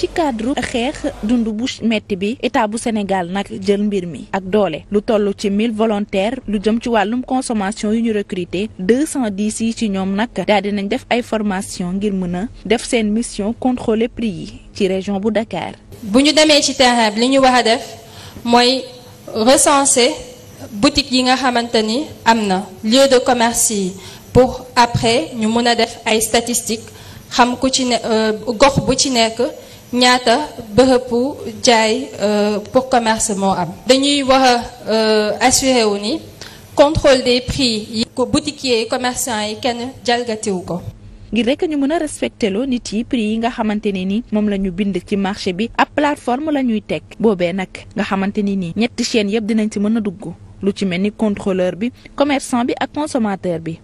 ci cadre xeex dund bu metti bi état bu Sénégal nag jël mbir mi ak doole lu toll ci mille volontaires lu jëm ci wàllum consommation yu ñu recruter deux cent dix yi ci ñoom nag daal dinañ def ay formation ngir mën a def seen mission contrôler prix yi ci région bu Dakar. bu ñu demee ci terrain bi li ñu war a def mooy recenser boutique yi nga xamante ni am na lieu de commerce yi pour après ñu mën a def ay statistiques xam ku ci ne euh, gox bu ci nekk. ñaata bërëbu jaay euh, pour commerce moo am dañuy war a euh, assuré wu ni contrôle des prix yi ko boutiquier commerçant yi kenn jalgatiwu ko ngir rek ñu mën a respecté loo nit yi prix yi nga xamante ne ni moom la ñu bind ci marché bi ab plateforme la ñuy teg boobee nag nga xamante ni nii ñetti chaînes yëpp dinañ ci mën a dugg lu ci mel ni contrôleur bi commerçant bi ak consommateur bi.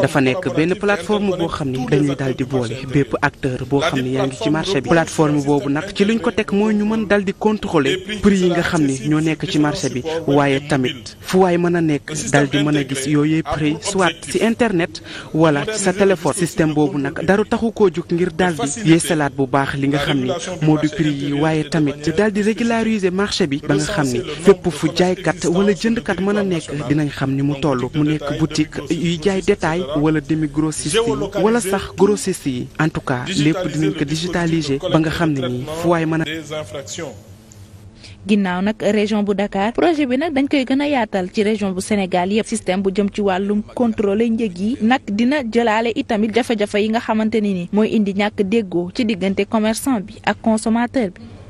dafa nekk benn plateforme boo xam ni dañuy daal di boole bépp acteur boo xam ni yaa ngi ci marché bi. plateforme boobu nag ci luñ ko teg mooy ñu mën daal di contrôler prix yi nga xam ni ñoo nekk ci marché bi waaye tamit fu waay mën a nekk daal di mën a gis yooyu prix soit ci internet wala ci sa téléphone. système boobu nag dara taxu koo jug ngir daal di yeesalaat bu baax li nga xam ni moo di prix yi waaye tamit daal di régulariser marché bi ba nga xam ni fépp jëndkat mën a nekk dinañ xam ni mu toll mu nekk boutique yuy jaay détail wala demi grossiste yi wala sax grossiste yi en tout cas lépp dinañ ko digitaliser ba nga xam ne nii fu waay mën a ginnaaw nag région bu dakaar projet bi nag dañ koy gën a yaatal ci région bu Sénégal yëpp système bu jëm ci wàllum contrôler njëg yi nag dina jëlaale itamit jafe-jafe yi nga xamante ni ni mooy indi ñàkk déggoo ci diggante commerçant bi ak consommateur bi